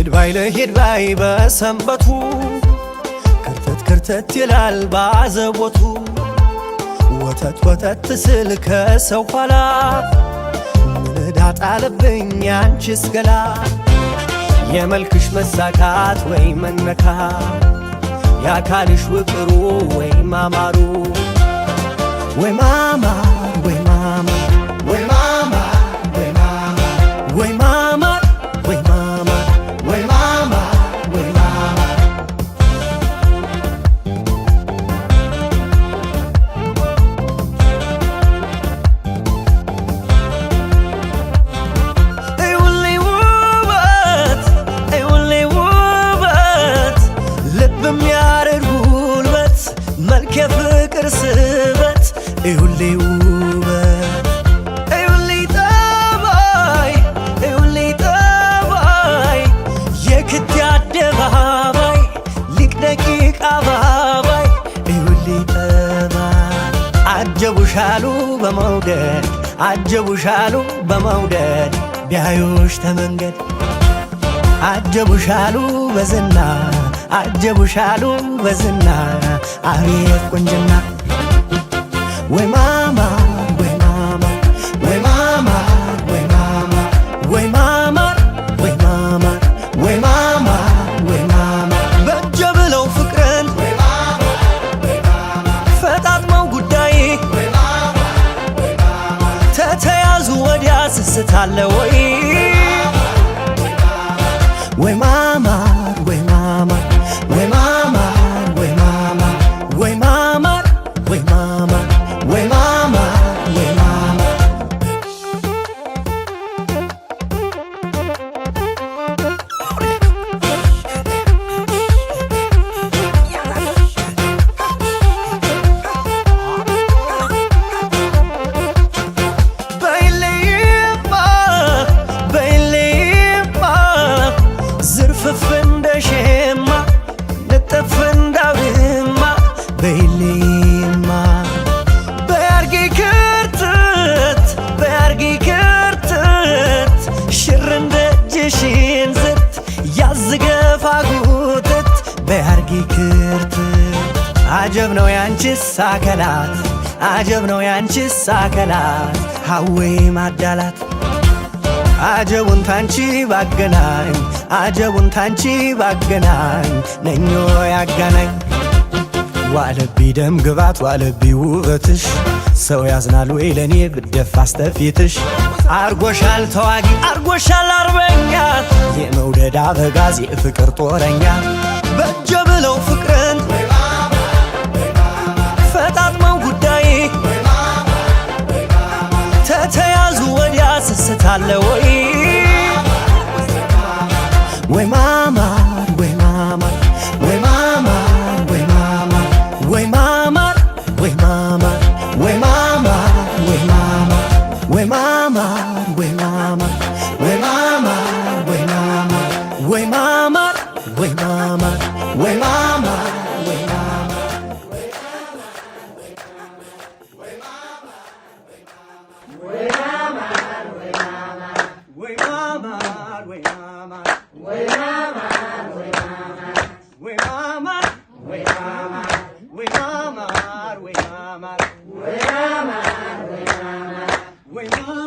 ሂድ ባይ ለሂድ ባይ በሰንበቱ ክርተት ክርተት ይላል ባዘቦቱ ወተት ወተት ስል ከሰው ኋላ ጣለብኝ ያንቺስ ገላ የመልክሽ መሳካት ወይ መነካ የአካልሽ ውቅሩ ወይ ማማሩ ወይ አጀቡሻሉ በመውደድ ቢያዩሽ ተመንገድ አጀቡሻሉ በዝና አጀቡሻሉ በዝና አቤት ቁንጅና ወይ ማማ አለ ወይ ወይ ማማ አጀብ ነው ያንቺስ አከላት አጀብ ነው ያንቺስ አከላት ሀዌ ማዳላት አጀቡን ታንቺ ባገናኝ አጀቡን ታንቺ ባገናኝ ነኞ ያጋናኝ ዋለቢ ደም ግባት ዋለቢ ውበትሽ ሰው ያዝናል ወይ ለእኔ ብደፋ አስተፊትሽ አርጎሻል ተዋጊ አርጎሻል አርበኛ የመውደድ አበጋዝ የፍቅር ጦረኛ በጀ ብለው ፍቅር ስስታለ ወይ ወይ ማማር ወይ ማማር ወይ ማማር ወይ ማማር ወይ ማማር ወይ ማማር ወይ ማማር ወይ ማማር ወይ ማማር ወይ ማማር we mama, we mama, we mama, we mama, we mama, we mama, we mama, we mama, we mama, we mama.